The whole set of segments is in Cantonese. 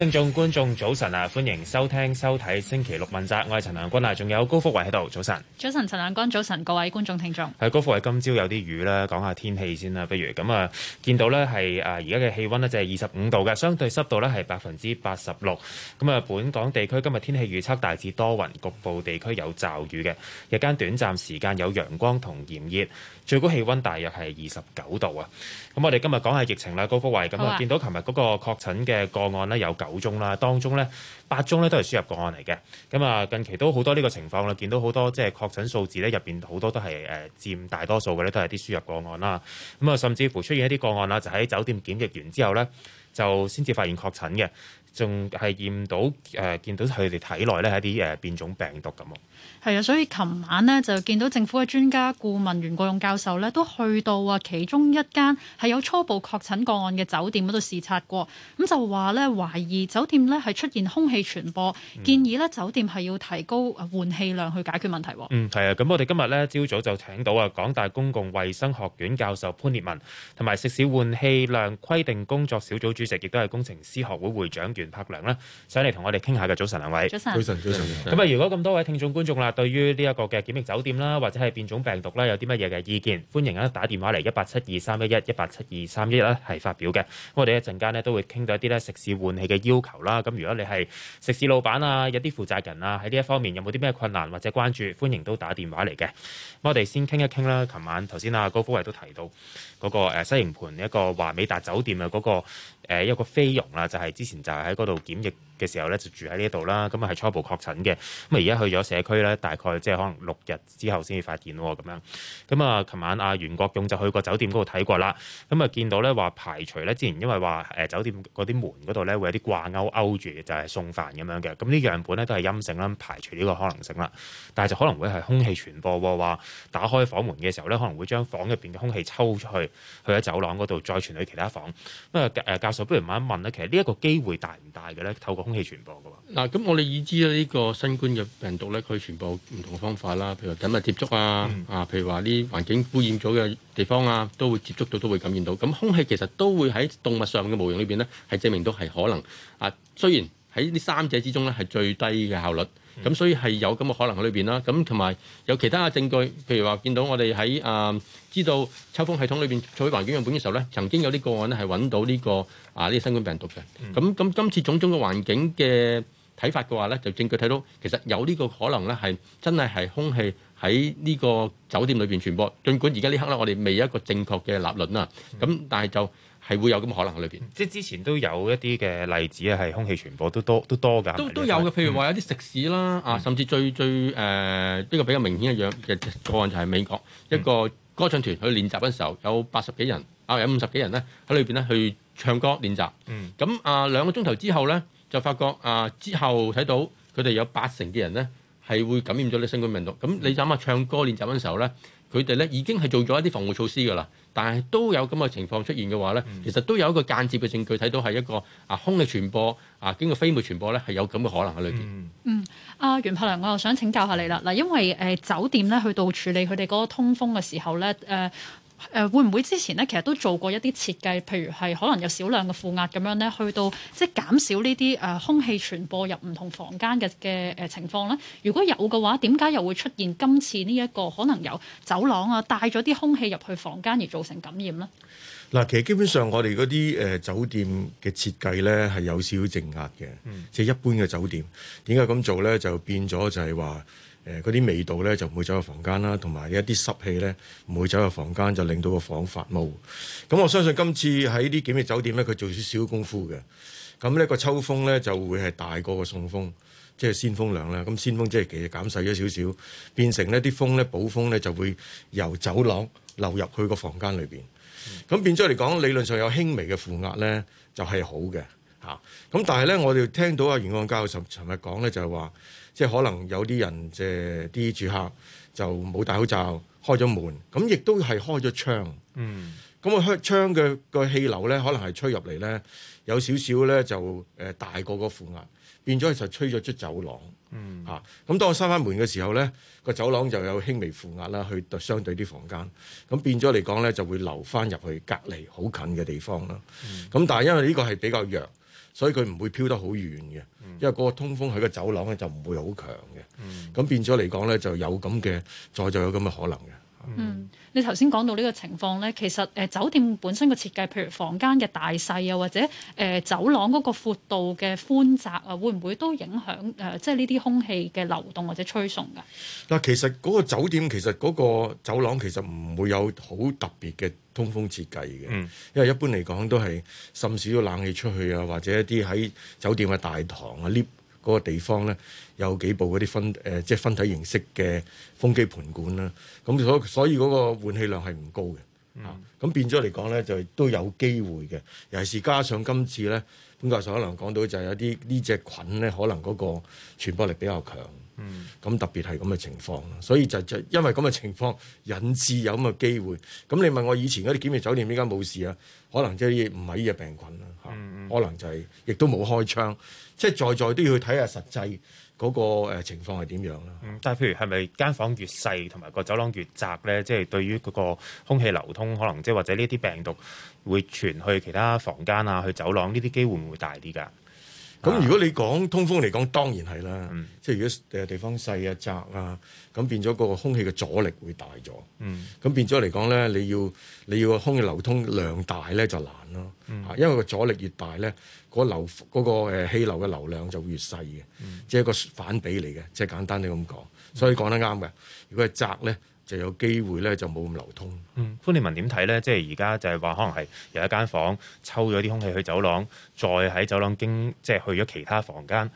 聽眾觀眾早晨啊，歡迎收聽收睇《星期六問責，我係陳良君啊，仲有高福偉喺度，早晨，早晨，陳良君，早晨各位觀眾聽眾。係高福偉，今朝有啲雨啦，講下天氣先啦。不如咁啊，見到呢係誒而家嘅氣溫呢，就係二十五度嘅，相對濕度呢係百分之八十六。咁啊，本港地區今日天氣預測大致多雲，局部地區有驟雨嘅，日間短暫時間有陽光同炎熱，最高氣溫大約係二十九度啊。咁我哋今日講下疫情啦，高福偉，咁啊，見到琴日嗰個確診嘅個案呢，有九。九宗啦，當中咧八宗咧都係輸入個案嚟嘅。咁啊，近期都好多呢個情況啦，見到好多即係確診數字咧，入邊好多都係誒佔大多數嘅咧，都係啲輸入個案啦。咁啊，甚至乎出現一啲個案啦，就喺酒店檢疫完之後咧，就先至發現確診嘅。仲係驗到誒、呃，見到佢哋體內咧係一啲誒變種病毒咁喎。係啊，所以琴晚呢，就見到政府嘅專家顧問袁國勇教授呢，都去到啊，其中一間係有初步確診個案嘅酒店嗰度視察過，咁就話呢，懷疑酒店呢係出現空氣傳播，建議咧酒店係要提高換氣量去解決問題。嗯，係啊，咁我哋今日呢，朝早就請到啊，港大公共衛生學院教授潘烈文，同埋食肆換氣量規定工作小組主席，亦都係工程師學會會會長。源栢樑咧上嚟同我哋傾下嘅早，早晨，兩位早晨，早晨，早晨。咁啊，如果咁多位聽眾觀眾啦，對於呢一個嘅檢疫酒店啦，或者係變種病毒啦，有啲乜嘢嘅意見，歡迎咧打電話嚟一八七二三一一一八七二三一一咧係發表嘅。咁我哋一陣間呢，都會傾到一啲咧食肆換氣嘅要求啦。咁如果你係食肆老闆啊，有啲負責人啊，喺呢一方面有冇啲咩困難或者關注？歡迎都打電話嚟嘅。咁我哋先傾一傾啦。琴晚頭先啊，高福衛都提到嗰個誒西營盤一個華美達酒店啊，嗰個。誒，一個菲傭啦，就係、是、之前就係喺嗰度檢疫。嘅時候咧就住喺呢度啦，咁啊係初步確診嘅，咁啊而家去咗社區咧，大概即係可能六日之後先至發現喎咁樣，咁啊，琴晚阿袁國勇就去過酒店嗰度睇過啦，咁啊見到咧話排除咧，之前因為話誒酒店嗰啲門嗰度咧會有啲掛鉤勾勾住，嘅，就係送飯咁樣嘅，咁呢樣本咧都係陰性啦，排除呢個可能性啦，但係就可能會係空氣傳播喎，話打開房門嘅時候咧可能會將房入邊嘅空氣抽出去，去喺走廊嗰度再傳去其他房，咁啊誒教授不如問一問咧，其實呢一個機會大唔大嘅咧，透過？空氣傳播噶嘛？嗱，咁我哋已知咧，呢個新冠嘅病毒咧，佢傳播唔同方法啦，譬如緊密接觸啊，嗯、啊，譬如話啲環境污染咗嘅地方啊，都會接觸到，都會感染到。咁空氣其實都會喺動物上嘅模型裡面呢邊咧，係證明到係可能啊。雖然喺呢三者之中咧，係最低嘅效率。咁所以係有咁嘅可能喺裏邊啦。咁同埋有其他嘅證據，譬如話見到我哋喺啊知道抽風系統裏邊採取環境樣本嘅時候咧，曾經有啲個案咧係揾到呢、呢個啊呢、呢個、新冠病毒嘅。咁咁今次種種嘅環境嘅睇法嘅話呢，就證據睇到其實有呢個可能呢，係真係係空氣喺呢個酒店裏邊傳播。儘管而家呢刻呢，我哋未有一個正確嘅立論啊。咁但係就。係會有咁嘅可能喺裏邊，即係之前都有一啲嘅例子啊，係空氣傳播都多都多㗎。都是是都有嘅，譬如話有啲食肆啦，啊、嗯，甚至最最誒呢、呃這個比較明顯嘅樣嘅個案就係美國、嗯、一個歌唱團去練習嘅時候，有八十幾人啊、呃，有五十幾人呢喺裏邊呢去唱歌練習。咁啊、嗯呃、兩個鐘頭之後呢，就發覺啊、呃、之後睇到佢哋有八成嘅人呢係會感染咗呢新冠病毒。咁你諗下唱歌練習嘅時候呢，佢哋呢已經係做咗一啲防護措施㗎啦。但係都有咁嘅情況出現嘅話咧，其實都有一個間接嘅證據睇到係一個空傳啊，空氣傳播啊，經過飛沫傳播咧，係有咁嘅可能喺裏邊。嗯，阿、啊、源栢樑，我又想請教下你啦。嗱，因為誒、呃、酒店咧去到處理佢哋嗰個通風嘅時候咧誒。呃誒會唔會之前咧，其實都做過一啲設計，譬如係可能有少量嘅負壓咁樣呢？去到即係減少呢啲誒空氣傳播入唔同房間嘅嘅誒情況呢？如果有嘅話，點解又會出現今次呢、這、一個可能有走廊啊，帶咗啲空氣入去房間而造成感染呢？嗱，其實基本上我哋嗰啲誒酒店嘅設計呢係有少少正壓嘅，即係、嗯、一般嘅酒店點解咁做呢？就變咗就係話。誒嗰啲味道咧就唔會走入房間啦，同埋一啲濕氣咧唔會走入房間，就令到個房發毛。咁我相信今次喺啲檢疫酒店咧，佢做少少功夫嘅。咁、那、呢個抽風咧就會係大過個送風，即係鮮風量啦。咁鮮風即係其實減細咗少少，變成呢啲風咧補風咧就會由走廊流入去個房間裏邊。咁、嗯、變咗嚟講，理論上有輕微嘅負壓咧就係、是、好嘅嚇。咁、啊、但係咧，我哋聽到阿袁盎教授尋日講咧就係話。即係可能有啲人即係啲住客就冇戴口罩，開咗門，咁亦都係開咗窗。嗯，咁啊開窗嘅、個氣流咧，可能係吹入嚟咧，有少少咧就誒、呃、大過個,個負壓，變咗就吹咗出走廊。嗯，嚇、啊，咁當我閂翻門嘅時候咧，個走廊就有輕微負壓啦，去對相對啲房間，咁變咗嚟講咧就會流翻入去隔離好近嘅地方啦。咁、嗯、但係因為呢個係比較弱。所以佢唔會漂得好遠嘅，因為嗰個通風喺個走廊，咧就唔會好強嘅，咁變咗嚟講咧就有咁嘅，再就有咁嘅可能嘅。嗯。你頭先講到呢個情況咧，其實誒、呃、酒店本身嘅設計，譬如房間嘅大細啊，或者誒、呃、走廊嗰個闊度嘅寬窄啊，會唔會都影響誒、呃、即係呢啲空氣嘅流動或者吹送㗎？嗱，其實嗰個酒店，其實嗰個走廊其實唔會有好特別嘅通風設計嘅，嗯、因為一般嚟講都係甚少冷氣出去啊，或者一啲喺酒店嘅大堂啊 lift。嗰個地方咧，有幾部嗰啲分誒、呃、即係分體形式嘅風機盤管啦，咁所所以嗰個換氣量係唔高嘅，嗯、啊，咁變咗嚟講咧，就都有機會嘅，尤其是加上今次咧，潘教授可能講到就係有啲呢隻菌咧可能嗰個傳播力比較強。嗯，咁特別係咁嘅情況，所以就就因為咁嘅情況引致有咁嘅機會。咁你問我以前嗰啲檢疫酒店點解冇事啊？可能即係唔係呢個病菌啦，可能就係亦、嗯嗯、都冇開窗，即、就、係、是、在在都要去睇下實際嗰個情況係點樣啦、嗯。但係譬如係咪間房越細同埋個走廊越窄咧，即、就、係、是、對於嗰個空氣流通，可能即係或者呢啲病毒會傳去其他房間啊、去走廊呢啲機會會唔會大啲㗎？咁、啊、如果你講通風嚟講，當然係啦。嗯、即係如果誒地方細啊窄啊，咁變咗個空氣嘅阻力會大咗。咁、嗯、變咗嚟講咧，你要你要個空氣流通量大咧就難咯。嗯、因為個阻力越大咧，嗰流嗰、嗰個誒氣流嘅流量就會越細嘅，即係、嗯、一個反比嚟嘅，即、就、係、係、簡單啲咁講。所以講得啱嘅，嗯、如果係窄咧。就有機會咧，就冇咁流通、嗯。潘烈文點睇咧？即係而家就係話，可能係有一間房抽咗啲空氣去走廊，再喺走廊經即係去咗其他房間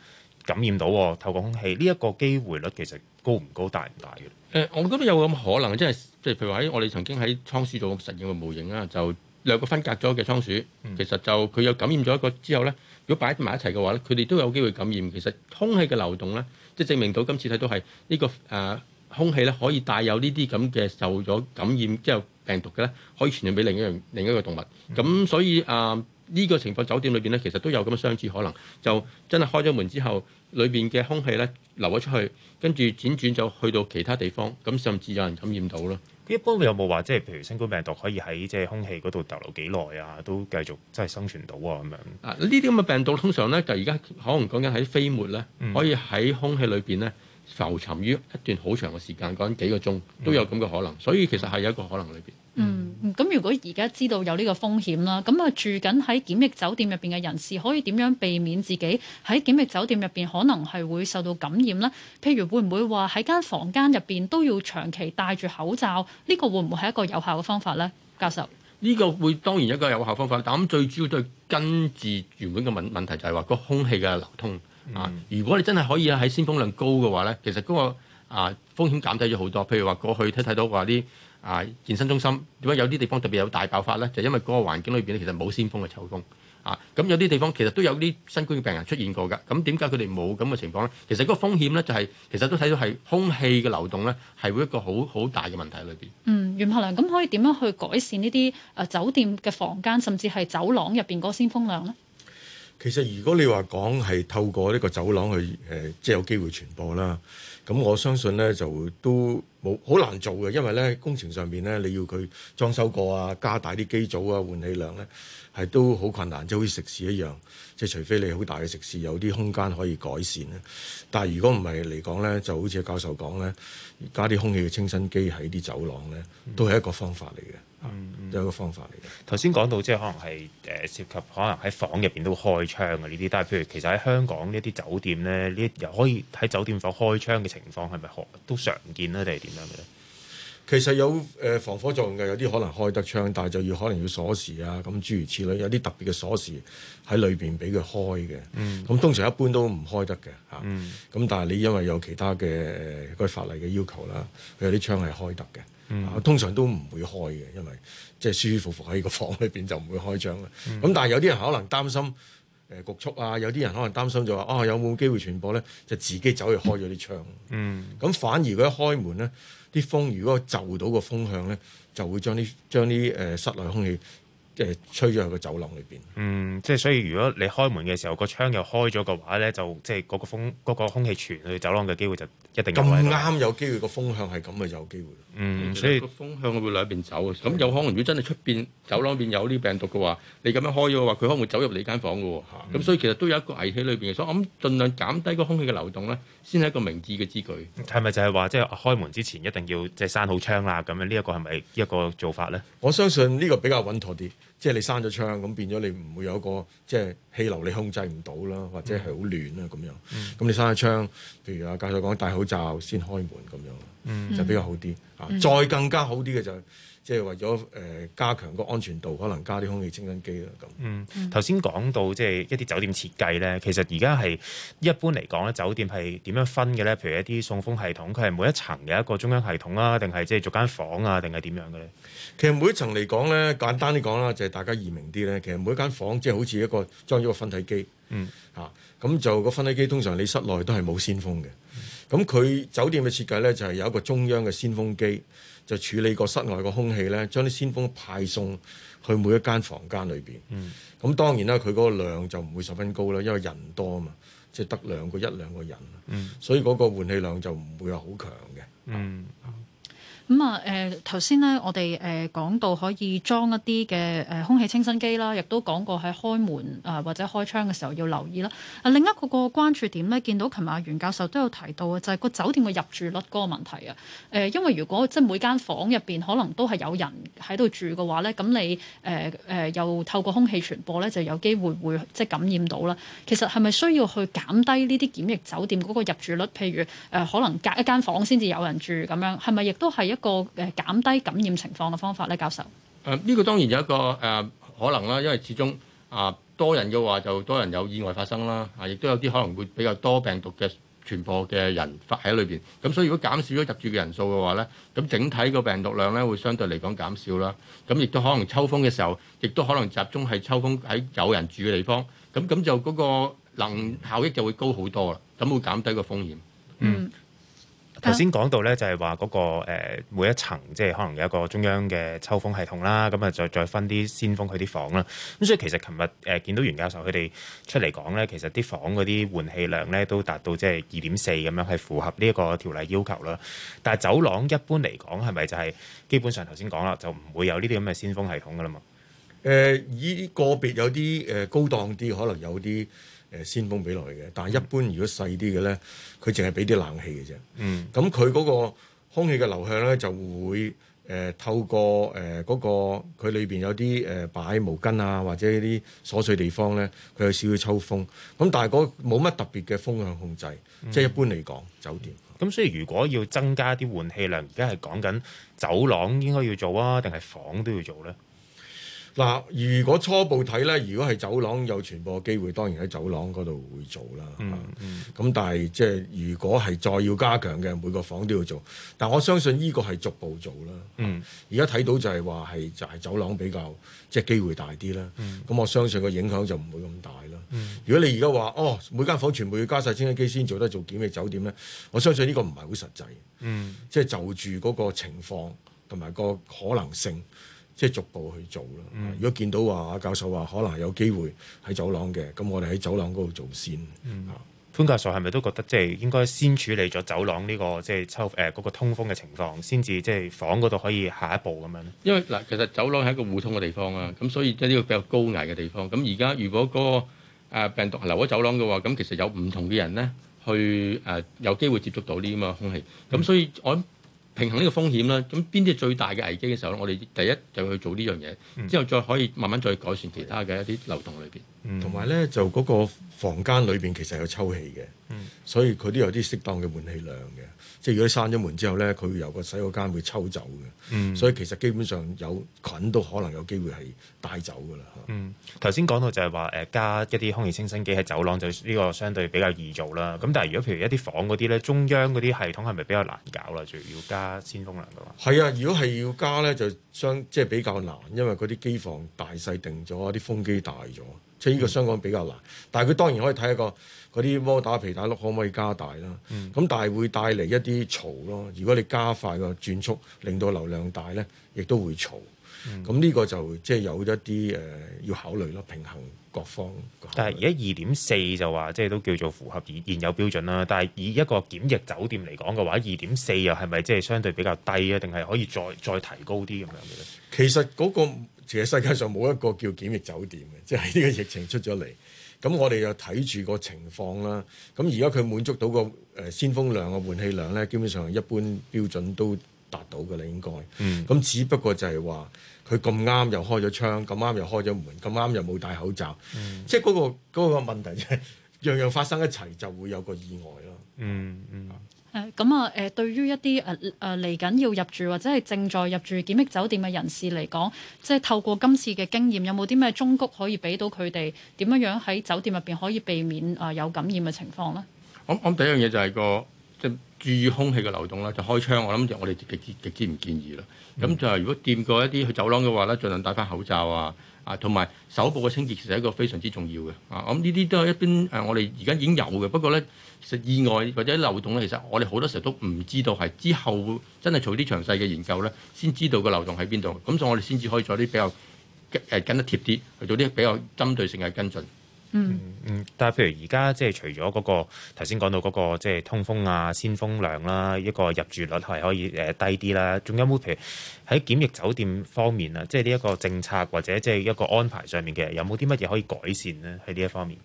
感染到透過空氣。呢、這、一個機會率其實高唔高大大、大唔大嘅？誒，我覺得有咁可能，即係即係譬如話喺我哋曾經喺倉鼠做實驗嘅模型啦，就兩個分隔咗嘅倉鼠，嗯、其實就佢有感染咗一個之後咧，如果擺埋一齊嘅話咧，佢哋都有機會感染。其實空氣嘅流動咧，即係證明到今次睇到係呢個誒。呃空氣咧可以帶有呢啲咁嘅受咗感染之後、就是、病毒嘅咧，可以傳染俾另一樣另一個動物。咁、嗯、所以啊，呢、呃呢個情況酒店裏邊咧其實都有咁嘅相似可能，就真係開咗門之後，裏邊嘅空氣咧流咗出去，跟住輾轉就去到其他地方，咁甚至有人感染到咯。一般有冇話即係譬如新冠病毒可以喺即係空氣嗰度逗留幾耐啊？都繼續即係生存到啊咁樣？啊，呢啲咁嘅病毒通常咧就而家可能講緊喺飛沫咧，嗯、可以喺空氣裏邊咧。浮沉於一段好長嘅時間，嗰陣幾個鐘都有咁嘅可能，嗯、所以其實係有一個可能裏邊。嗯，咁如果而家知道有呢個風險啦，咁啊住緊喺檢疫酒店入邊嘅人士，可以點樣避免自己喺檢疫酒店入邊可能係會受到感染呢？譬如會唔會話喺間房間入邊都要長期戴住口罩？呢、這個會唔會係一個有效嘅方法呢？教授，呢個會當然一個有效方法，但係咁最主要都係根治原本嘅問問題就係話個空氣嘅流通。啊！如果你真係可以喺新風量高嘅話咧，其實嗰個啊風險減低咗好多。譬如話過去睇睇到話啲啊健身中心點解有啲地方特別有大爆發咧，就因為嗰個環境裏邊咧其實冇新風嘅抽風啊。咁有啲地方其實都有啲新冠嘅病人出現過㗎。咁點解佢哋冇咁嘅情況咧？其實嗰個風險咧就係其實都睇到係空氣嘅流動咧係會一個好好大嘅問題裏邊。嗯，源栢樑，咁可以點樣去改善呢啲啊酒店嘅房間甚至係走廊入邊嗰個新風量咧？其實如果你話講係透過呢個走廊去誒，即係有機會傳播啦。咁我相信呢，就都冇好難做嘅，因為呢工程上面呢，你要佢裝修過啊，加大啲機組啊，換氣量呢，係都好困難，即係好似食肆一樣。即係除非你好大嘅食肆有啲空間可以改善呢，但係如果唔係嚟講呢，就好似教授講呢，加啲空氣嘅清新機喺啲走廊呢，都係一個方法嚟嘅。嗯，嗯有一個方法嚟嘅。頭先講到即係可能係誒涉及可能喺房入邊都開窗嘅呢啲，但係譬如其實喺香港呢一啲酒店咧，呢又可以喺酒店房開窗嘅情況係咪都常見咧，定係點樣嘅咧？其實有誒防火作用嘅，有啲可能，能開得窗，但係就要可能要鎖匙啊，咁諸如此類，有啲特別嘅鎖匙喺裏邊俾佢開嘅。咁、嗯、通常一般都唔開得嘅嚇。咁、嗯啊、但係你因為有其他嘅嗰個法例嘅要求啦，佢、嗯、有啲窗係開得嘅。嗯、通常都唔會開嘅，因為即係舒舒服服喺個房裏邊就唔會開窗啦。咁、嗯、但係有啲人可能擔心誒焗促啊，有啲人可能擔心就話啊有冇機會傳播呢？就自己走去開咗啲窗。咁、嗯、反而佢一開門呢，啲風如果就到個風向呢，就會將啲將啲誒室內空氣誒吹咗去個走廊裏邊。嗯，即係所以如果你開門嘅時候、個窗又開咗嘅話呢，就即係嗰個風嗰、嗰個空氣傳去走廊嘅機會就。咁啱有，有機會、個風向係咁嘅就有機會。嗯，所以個、嗯、風向會兩邊走。咁有可能如果真係出邊走廊邊有呢病毒嘅話，你咁樣開咗嘅話，佢可能會走入你間房嘅喎。咁、嗯、所以其實都有一個危險裏邊嘅。所以我諗盡量減低個空氣嘅流動咧，先係一個明智嘅依據。係咪就係話即係開門之前一定要即係閂好窗啦？咁樣呢一個係咪一個做法咧？我相信呢個比較穩妥啲。即係你閂咗窗，咁變咗你唔會有一個即係氣流你控制唔到啦，或者係好暖啦咁樣。咁、嗯、你閂咗窗，譬如啊教授講戴口罩先開門咁樣，嗯、就比較好啲。啊，再更加好啲嘅就。即係為咗誒、呃、加強個安全度，可能加啲空氣清新機啦咁。嗯，頭先講到即係、就是、一啲酒店設計咧，其實而家係一般嚟講咧，酒店係點樣分嘅咧？譬如一啲送風系統，佢係每一層有一個中央系統啊，定係即係逐間房啊，定係點樣嘅咧？其實每一層嚟講咧，簡單啲講啦，就係大家易明啲咧。其實每一間房即係、就是、好似一個裝咗個分體機。嗯。嚇、啊，咁就個分體機通常你室內都係冇鮮風嘅。咁佢、嗯、酒店嘅設計咧，就係、是、有一個中央嘅鮮風機。就處理個室外個空氣咧，將啲鮮風派送去每一間房間裏邊。咁、嗯、當然啦，佢嗰個量就唔會十分高啦，因為人多啊嘛，即係得兩個一兩個人，嗯、所以嗰個換氣量就唔會話好強嘅。嗯咁啊，誒頭先咧，我哋誒講到可以裝一啲嘅誒空氣清新機啦，亦都講過喺開門啊、呃、或者開窗嘅時候要留意啦。啊、呃，另一個個關注點咧，見到琴日阿袁教授都有提到啊，就係、是、個酒店嘅入住率嗰個問題啊。誒、呃、因為如果即係每間房入邊可能都係有人喺度住嘅話咧，咁你誒誒、呃呃、又透過空氣傳播咧，就有機會會即係感染到啦。其實係咪需要去減低呢啲檢疫酒店嗰個入住率？譬如誒、呃、可能隔一間房先至有人住咁樣，係咪亦都係一，一個誒減低感染情況嘅方法咧，教授誒呢個當然有一個誒、呃、可能啦，因為始終啊、呃、多人嘅話就多人有意外發生啦，啊亦都有啲可能會比較多病毒嘅傳播嘅人發喺裏邊，咁所以如果減少咗入住嘅人數嘅話咧，咁整體個病毒量咧會相對嚟講減少啦，咁亦都可能抽風嘅時候，亦都可能集中係抽風喺有人住嘅地方，咁咁就嗰個能效益就會高好多啦，咁會減低個風險，嗯。頭先講到咧，就係話嗰個每一層，即係可能有一個中央嘅抽風系統啦，咁啊再再分啲先鋒去啲房啦。咁所以其實琴日誒見到袁教授佢哋出嚟講咧，其實啲房嗰啲換氣量咧都達到即係二點四咁樣，係符合呢一個條例要求啦。但係走廊一般嚟講係咪就係基本上頭先講啦，就唔會有呢啲咁嘅先鋒系統噶啦嘛？誒、呃，以個別有啲誒高檔啲，可能有啲。誒先風俾落嚟嘅，但係一般如果細啲嘅咧，佢淨係俾啲冷氣嘅啫。嗯，咁佢嗰個空氣嘅流向咧就會誒、呃、透過誒嗰、呃那個佢裏邊有啲誒、呃、擺毛巾啊或者啲瑣碎地方咧，佢有少少抽風。咁但係嗰冇乜特別嘅風向控制，即係一般嚟講、嗯、酒店。咁、嗯嗯、所以如果要增加啲換氣量，而家係講緊走廊應該要做啊，定係房都要做咧？嗱，如果初步睇咧，如果係走廊有傳播嘅機會，當然喺走廊嗰度會做啦。咁、嗯嗯啊、但係即係如果係再要加強嘅，每個房都要做。但我相信呢個係逐步做啦。嗯。而家睇到就係話係就係走廊比較即係、就係、機會大啲啦。咁、嗯、我相信個影響就唔會咁大啦。嗯、如果你而家話哦，每間房全部要加晒清氣機先做得做檢疫酒店咧，我相信呢個唔係好實際。嗯。即係就，就住嗰個情況同埋個可能性。即係逐步去做咯。如果見到話，阿教授話可能有機會喺走廊嘅，咁我哋喺走廊嗰度做先。嗯、潘教授係咪都覺得即係、就是、應該先處理咗走廊呢、這個即係抽誒嗰個通風嘅情況，先至即係房嗰度可以下一步咁樣？因為嗱，其實走廊係一個互通嘅地方啊，咁所以即係呢個比較高危嘅地方。咁而家如果嗰個病毒留喺走廊嘅話，咁其實有唔同嘅人咧去誒、呃、有機會接觸到呢啲咁嘅空氣，咁所以我諗。嗯平衡呢個風險啦，咁邊啲最大嘅危機嘅時候咧，我哋第一就去做呢樣嘢，之後再可以慢慢再改善其他嘅一啲漏洞裏邊。同埋咧，就嗰個房間裏邊其實有抽氣嘅，嗯、所以佢都有啲適當嘅換氣量嘅。即係如果閂咗門之後咧，佢有個洗手間會抽走嘅，嗯、所以其實基本上有菌都可能有機會係帶走㗎啦。嚇、嗯，頭先講到就係話誒，加一啲空氣清新機喺走廊就呢個相對比較易做啦。咁但係如果譬如一啲房嗰啲咧，中央嗰啲系統係咪比較難搞啦？仲要加鮮風量㗎嘛？係啊，如果係要加咧，就相即係、就是、比較難，因為嗰啲機房大細定咗，啲風機大咗。即係呢個相講比較難，嗯、但係佢當然可以睇一個嗰啲摩打皮打碌可唔可以加大啦？咁、嗯、但係會帶嚟一啲嘈咯。如果你加快個轉速，令到流量大咧，亦都會嘈。咁呢、嗯、個就即係有一啲誒、呃、要考慮咯，平衡各方。但係而家二點四就話即係都叫做符合現有標準啦。但係以一個檢疫酒店嚟講嘅話，二點四又係咪即係相對比較低啊？定係可以再再提高啲咁樣嘅咧？其實嗰、那個。其實世界上冇一個叫檢疫酒店嘅，即係呢個疫情出咗嚟，咁我哋又睇住個情況啦。咁而家佢滿足到個誒新風量嘅換氣量呢，基本上一般標準都達到嘅你應該。咁、嗯、只不過就係話佢咁啱又開咗窗，咁啱又開咗門，咁啱又冇戴口罩，嗯、即係嗰、嗰個嗰、嗰個問題就樣、係、樣發生一齊就會有個意外咯、嗯。嗯嗯。咁啊！誒、嗯、對於一啲誒誒嚟緊要入住或者係正在入住檢疫酒店嘅人士嚟講，即係透過今次嘅經驗，有冇啲咩忠告可以俾到佢哋點樣樣喺酒店入邊可以避免啊有感染嘅情況呢？我我第一樣嘢就係個即係、就係、注意空氣嘅流動啦，就開窗。我諗就我哋極極之唔建議啦。咁、嗯、就係如果掂過一啲去走廊嘅話咧，儘量戴翻口罩啊。啊，同埋手部嘅清潔其實係一個非常之重要嘅啊，咁呢啲都係一邊誒、啊，我哋而家已經有嘅。不過咧，其實意外或者漏洞咧，其實我哋好多時候都唔知道係之後真係做啲詳細嘅研究咧，先知道個漏洞喺邊度。咁、啊、所以我哋先至可以做啲比較誒、呃、跟得貼啲，去做啲比較針對性嘅跟進。嗯嗯，但係譬如而家即係除咗嗰、那個頭先講到嗰、那個即係通風啊、新風量啦、啊，一個入住率係可以誒低啲啦。仲有冇譬如喺檢疫酒店方面啊，即係呢一個政策或者即係一個安排上面，嘅，有冇啲乜嘢可以改善咧？喺呢一方面，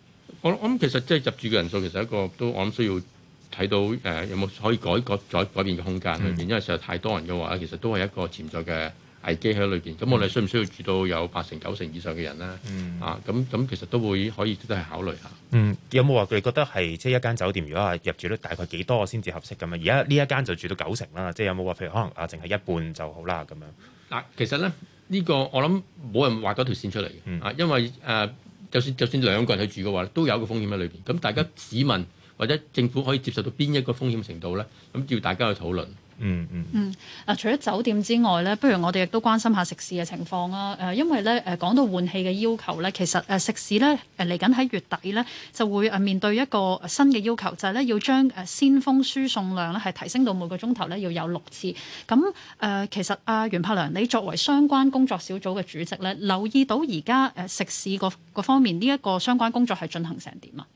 我我諗其實即係入住嘅人數其實一個都我諗需要睇到誒、呃、有冇可以改改改改，改變嘅空間裏面、嗯、因為實在太多人嘅話，其實都係一個潛在嘅危機喺裏邊，咁我哋需唔需要住到有八成、九成以上嘅人咧？嗯、啊，咁咁其實都會可以都係考慮下。嗯，有冇話佢哋覺得係即係一間酒店，如果話入住率大概幾多先至合適咁啊？而家呢一間就住到九成啦，即係有冇話譬如可能啊，淨係一半就好啦咁樣？嗱，其實咧呢、呢個我諗冇人畫嗰條線出嚟啊，嗯、因為誒、呃，就算就算兩個人去住嘅話，都有個風險喺裏邊。咁大家市民或者政府可以接受到邊一個風險程度咧？咁要大家去討論。嗯嗯、mm hmm. 嗯，嗱、啊，除咗酒店之外咧，不如我哋亦都關心下食肆嘅情況啦、啊。誒、啊，因為咧誒，講、啊、到換氣嘅要求咧，其實誒、啊、食肆咧誒嚟緊喺月底咧就會誒面對一個新嘅要求，就係、是、咧要將誒鮮風輸送量咧係提升到每個鐘頭咧要有六次。咁、啊、誒，其實阿、啊、源栢樑，你作為相關工作小組嘅主席咧，留意到而家誒食肆個方面呢一個相關工作係進行成點啊？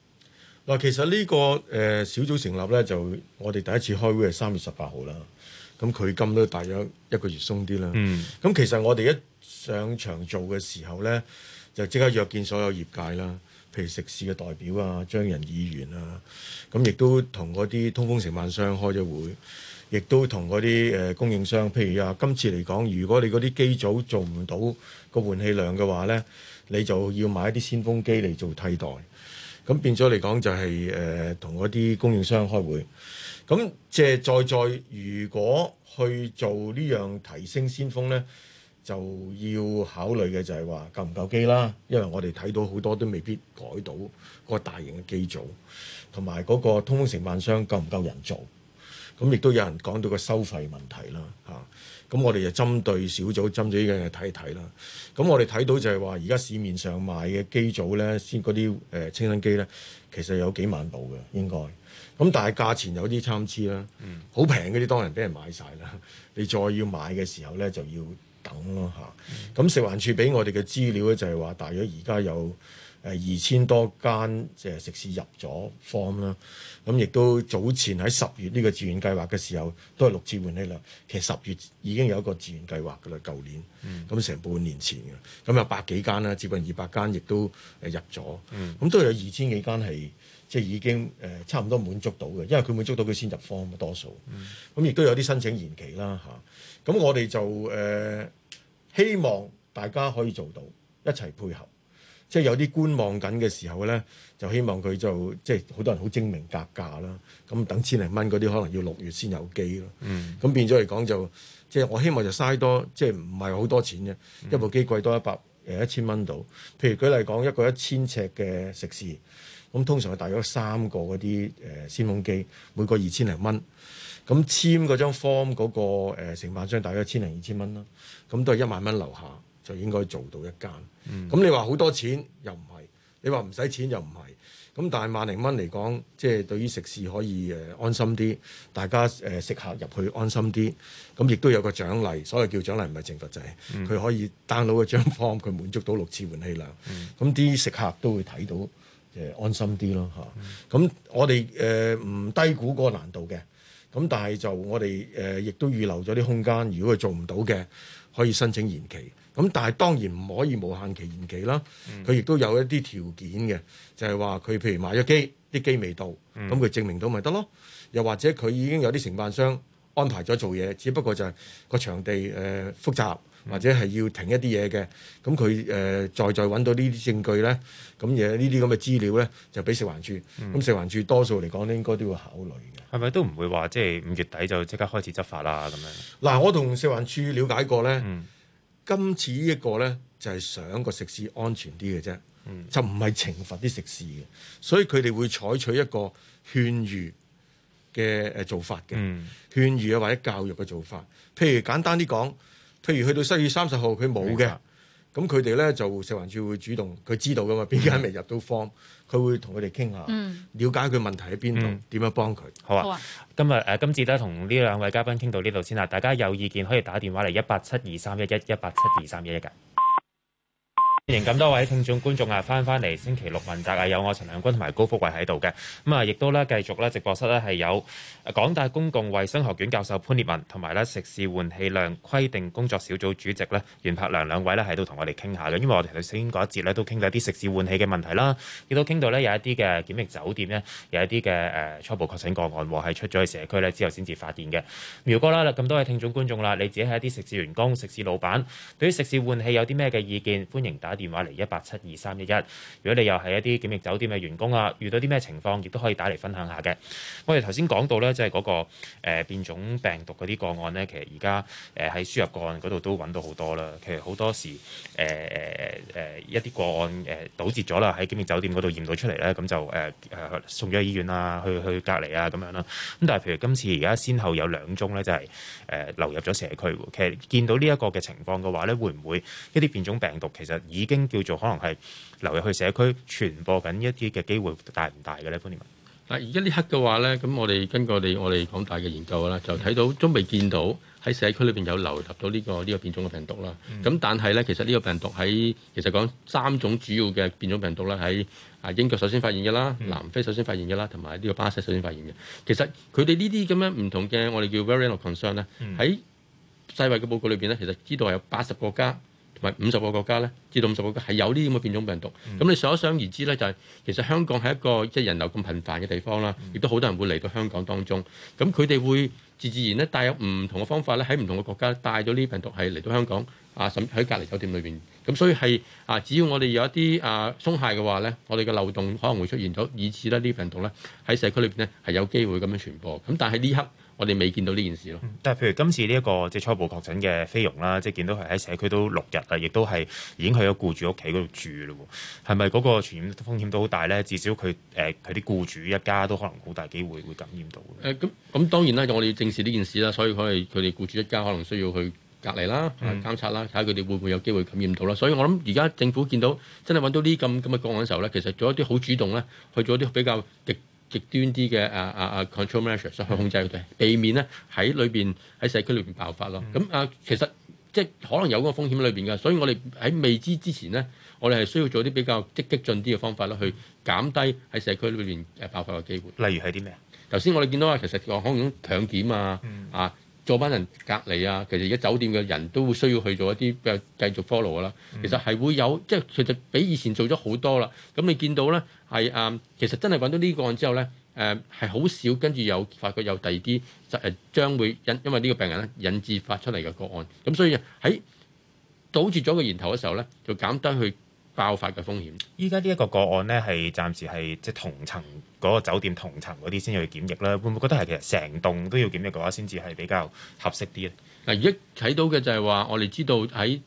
嗱，其實呢、這個誒、呃、小組成立咧就我哋第一次開會係三月十八號啦。咁佢今都大約一個月鬆啲啦。咁、嗯、其實我哋一上場做嘅時候呢，就即刻約見所有業界啦，譬如食肆嘅代表啊、將人議員啊，咁亦都同嗰啲通風承辦商開咗會，亦都同嗰啲誒供應商，譬如啊，今次嚟講，如果你嗰啲機組做唔到個換氣量嘅話呢，你就要買一啲鮮風機嚟做替代。咁變咗嚟講就係誒同嗰啲供應商開會。咁即係再再，如果去做呢樣提升先鋒呢，就要考慮嘅就係話夠唔夠機啦。因為我哋睇到好多都未必改到嗰個大型嘅機組同埋嗰個通風承辦商夠唔夠人做。咁亦都有人講到個收費問題啦。吓、啊，咁我哋就針對小組針對呢樣嘢睇一睇啦。咁、啊、我哋睇到就係話而家市面上賣嘅機組呢，先嗰啲誒清新機呢，其實有幾萬部嘅應該。咁但係價錢有啲參差啦，好平嗰啲當然俾人買晒啦。你再要買嘅時候咧，就要等咯嚇。咁、啊嗯、食環署俾我哋嘅資料咧，就係話大約而家有誒二千多間誒、呃、食肆入咗 form 啦、啊。咁、嗯、亦都早前喺十月呢個自願計劃嘅時候，都係六次換氣啦。其實十月已經有一個自願計劃噶啦，舊年。咁、嗯、成、嗯、半年前嘅，咁有百幾間啦，接近二百間，亦、呃嗯嗯嗯、都誒入咗。咁都有二千幾間係。即係已經誒差唔多滿足到嘅，因為佢滿足到佢先入方多數，咁亦、嗯、都有啲申請延期啦嚇。咁、啊、我哋就誒、呃、希望大家可以做到一齊配合，即係有啲觀望緊嘅時候咧，就希望佢就即係好多人好精明格價啦。咁等千零蚊嗰啲可能要六月先有機咯。咁、嗯、變咗嚟講就即係我希望就嘥多即係唔係好多錢啫。一部機貴多一百誒、呃、一千蚊度，譬如舉例講一個一千尺嘅食肆。咁通常係大約三個嗰啲誒先鋒機，每個二千零蚊。咁簽嗰張 form 嗰個誒承辦商大約千零二千蚊啦。咁都係一萬蚊樓下就應該做到一間。咁你話好多錢又唔係，你話唔使錢又唔係。咁但係萬零蚊嚟講，即係對於食肆可以誒安心啲，大家誒食客入去安心啲。咁亦都有個獎勵，所謂叫獎勵唔係懲罰制。佢可以 download 個張 form，佢滿足到六次換氣量。咁啲食客都會睇到。誒安心啲咯嚇，咁、嗯嗯、我哋誒唔低估嗰個難度嘅，咁但係就我哋誒、呃、亦都預留咗啲空間，如果佢做唔到嘅，可以申請延期。咁但係當然唔可以無限期延期啦，佢亦、嗯、都有一啲條件嘅，就係話佢譬如買咗機，啲機未到，咁佢證明到咪得咯？又或者佢已經有啲承辦商安排咗做嘢，只不過就係個場地誒、呃、複雜。或者係要停一啲嘢嘅，咁佢誒再再揾到呢啲證據咧，咁嘢呢啲咁嘅資料咧，就俾食環處。咁、嗯、食環處多數嚟講咧，應該都會考慮嘅。係咪都唔會話即係五月底就即刻開始執法啦？咁樣嗱，我同食環處了解過咧，嗯、今次呢一個咧就係、是、想個食肆安全啲嘅啫，嗯、就唔係懲罰啲食肆嘅，所以佢哋會採取一個勸喻嘅誒做法嘅，嗯、勸喻啊或者教育嘅做法。譬如簡單啲講。譬如去到七月三十號，佢冇嘅，咁佢哋咧就食環署會主動。佢知道噶嘛，邊間未入到 form，佢會同佢哋傾下，了解佢問題喺邊度，點、嗯、樣幫佢，好啊？今日誒、呃、今次咧，同呢兩位嘉賓傾到呢度先啦，大家有意見可以打電話嚟一八七二三一一一八七二三一一嘅。歡迎咁多位聽眾觀眾啊，翻翻嚟，星期六問責啊，有我陳良君同埋高福慧喺度嘅，咁啊，亦都咧繼續咧直播室咧係有港大公共衛生學院教授潘烈文同埋咧食肆換氣量規定工作小組主席咧源栢樑兩位呢，喺度同我哋傾下嘅，因為我哋頭先嗰一節咧都傾到一啲食肆換氣嘅問題啦，亦都傾到呢，有一啲嘅檢疫酒店呢，有一啲嘅誒初步確診個案喎係，出咗去社區呢之後先至發現嘅，苗哥啦咁多位聽眾觀眾啦，你自己係一啲食肆員工、食肆老闆，對於食肆換氣有啲咩嘅意見，歡迎打。電話嚟一八七二三一一，如果你又係一啲檢疫酒店嘅員工啊，遇到啲咩情況，亦都可以打嚟分享下嘅。我哋頭先講到咧，就係嗰個誒變種病毒嗰啲個案咧，其實而家誒喺輸入個案嗰度都揾到好多啦。其實好多時誒誒誒一啲個案誒堵截咗啦，喺檢疫酒店嗰度驗到出嚟咧，咁就誒誒送咗去醫院啊，去去隔離啊咁樣啦。咁但係譬如今次而家先後有兩宗咧，就係誒流入咗社區。其實見到呢一個嘅情況嘅話咧，會唔會一啲變種病毒其實已已經叫做可能係流入去社區傳播緊一啲嘅機會大唔大嘅咧？Bonnie 嗱，而家呢刻嘅話咧，咁我哋根據我哋我哋港大嘅研究啦，就睇到都未見到喺社區裏邊有流入到呢、這個呢、這個變種嘅病毒啦。咁、嗯、但係咧，其實呢個病毒喺其實講三種主要嘅變種病毒啦，喺啊英國首先發現嘅啦，嗯、南非首先發現嘅啦，同埋呢個巴西首先發現嘅。其實佢哋呢啲咁樣唔同嘅，我哋叫 variant of concern 咧，喺世衛嘅報告裏邊咧，其實知道係有八十國家。同埋五十個國家呢，至到五十個國家係有呢啲咁嘅變種病毒。咁、嗯、你想一想而知呢，就係、是、其實香港係一個即係、就是、人流咁頻繁嘅地方啦，亦、嗯、都好多人會嚟到香港當中。咁佢哋會自自然咧帶有唔同嘅方法呢，喺唔同嘅國家帶咗呢啲病毒係嚟到香港啊，甚至喺隔離酒店裏邊。咁所以係啊，只要我哋有一啲啊鬆懈嘅話呢，我哋嘅漏洞可能會出現咗，以至呢啲病毒呢，喺社區裏邊呢係有機會咁樣傳播。咁但係呢一刻我哋未見到呢件事咯、嗯，但係譬如今次呢、這、一個即係初步確診嘅菲傭啦，即係見到佢喺社區都六日啦，亦都係已經去咗僱主屋企嗰度住咯。係咪嗰個傳染風險都好大咧？至少佢誒佢啲僱主一家都可能好大機會會感染到。誒咁咁當然啦，我哋要正視呢件事啦，所以佢哋佢哋僱主一家可能需要去隔離啦、監察啦，睇下佢哋會唔會有機會感染到啦。所以我諗而家政府見到真係揾到呢咁咁嘅個案嘅時候咧，其實做一啲好主動咧，去做一啲比較極極端啲嘅啊啊啊 control measures、嗯、去控制佢哋，避免咧喺裏邊喺社區裏邊爆發咯。咁、嗯、啊，其實即係可能有嗰個風險喺裏邊㗎，所以我哋喺未知之前咧，我哋係需要做啲比較積極進啲嘅方法咯，去減低喺社區裏邊誒爆發嘅機會。例如係啲咩？頭先我哋見到啊，其實個可能強檢啊、嗯、啊。做班人隔離啊，其實而家酒店嘅人都會需要去做一啲比較繼續 follow 啦。其實係會有，即係其實比以前做咗好多啦。咁你見到呢，係啊，其實真係揾到呢個案之後呢，誒係好少跟住有發覺有第二啲誒將會引，因為呢個病人咧引致發出嚟嘅個案。咁所以喺堵截咗個源頭嘅時候呢，就減低去。爆發嘅風險，依家呢一個個案呢，係暫時係即係同層嗰個酒店同層嗰啲先去檢疫啦。會唔會覺得係其實成棟都要檢疫嘅話，先至係比較合適啲咧？嗱，而家睇到嘅就係話，我哋知道喺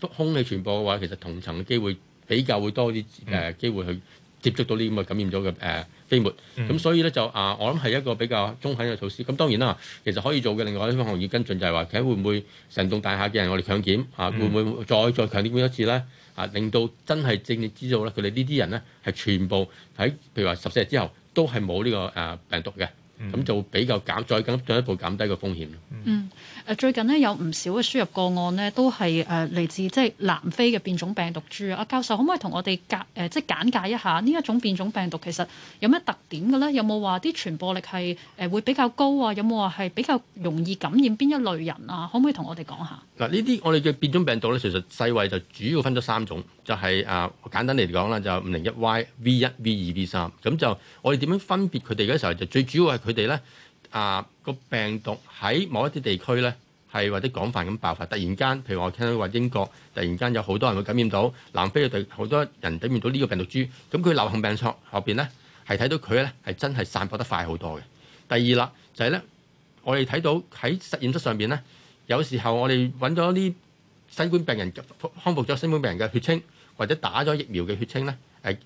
空氣傳播嘅話，其實同層嘅機會比較會多啲誒機會去。接觸到呢啲咁嘅感染咗嘅誒飛沫，咁、嗯嗯、所以呢，就、呃、啊，我諗係一個比較中肯嘅措施。咁、嗯嗯、當然啦，其實可以做嘅另外一行要跟進就係、是、話，睇會唔會成棟大廈嘅人，我哋強檢啊，會唔會再再強檢多一次呢，啊，令到真係正正知道咧，佢哋呢啲人呢係全部喺譬如話十四日之後都係冇呢個誒、呃、病毒嘅。咁就比較減，再更進一步減低個風險咯。嗯，誒最近咧有唔少嘅輸入個案咧，都係誒嚟自即係南非嘅變種病毒株啊。教授可唔可以同我哋簡誒即係簡介一下呢一種變種病毒其實有咩特點嘅咧？有冇話啲傳播力係誒會比較高啊？有冇話係比較容易感染邊一類人啊？可唔可以同我哋講下？嗱，呢啲我哋嘅變種病毒咧，其實世衞就主要分咗三種。就係啊，簡單嚟講啦，就五零一 Y、V 一、V 二、V 三，咁就我哋點樣分別佢哋嘅時候，就最主要係佢哋呢啊個病毒喺某一啲地區呢係或者廣泛咁爆發，突然間，譬如我聽到話英國突然間有好多人會感染到，南非對好多人感染到呢個病毒株，咁佢流行病學後邊呢係睇到佢呢係真係散播得快好多嘅。第二啦就係呢，我哋睇到喺實驗室上邊呢，有時候我哋揾咗啲新冠病人，嘅康復咗新冠病人嘅血清。或者打咗疫苗嘅血清咧，誒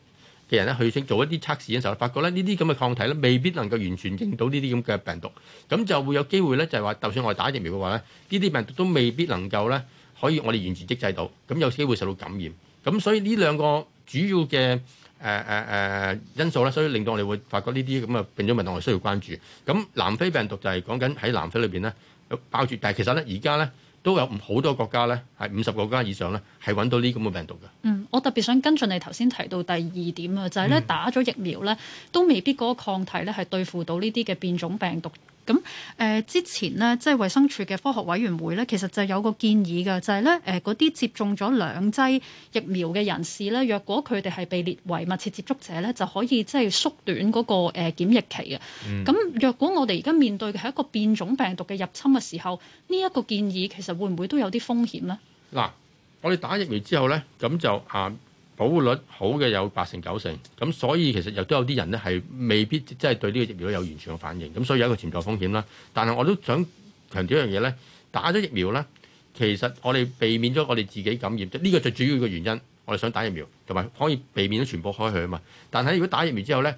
嘅人咧去清做一啲測試嘅時候，發覺咧呢啲咁嘅抗體咧未必能夠完全認到呢啲咁嘅病毒，咁就會有機會咧就係話，就算我哋打疫苗嘅話咧，呢啲病毒都未必能夠咧可以我哋完全抑制到，咁有機會受到感染。咁所以呢兩個主要嘅誒誒誒因素咧，所以令到我哋會發覺呢啲咁嘅變種病毒我哋需要關注。咁南非病毒就係講緊喺南非裏邊咧有爆出，但係其實咧而家咧。都有好多國家咧，係五十個國家以上咧，係揾到呢咁嘅病毒嘅。嗯，我特別想跟進你頭先提到第二點啊，就係、是、咧打咗疫苗咧，嗯、都未必嗰個抗體咧係對付到呢啲嘅變種病毒。咁誒、呃、之前呢，即係衛生署嘅科學委員會呢，其實就有個建議嘅，就係、是、呢誒嗰啲接種咗兩劑疫苗嘅人士呢。若果佢哋係被列為密切接觸者呢，就可以即係縮短嗰、那個誒、呃、檢疫期嘅。咁、嗯、若果我哋而家面對嘅係一個變種病毒嘅入侵嘅時候，呢、這、一個建議其實會唔會都有啲風險呢？嗱，我哋打疫苗之後呢，咁就啊。保護率好嘅有八成九成，咁所以其實又都有啲人呢，係未必真係對呢個疫苗有完全嘅反應，咁所以有一個潛在風險啦。但係我都想強調一樣嘢呢，打咗疫苗呢，其實我哋避免咗我哋自己感染，呢、這個最主要嘅原因我哋想打疫苗同埋可以避免咗全部開去啊嘛。但係如果打疫苗之後呢，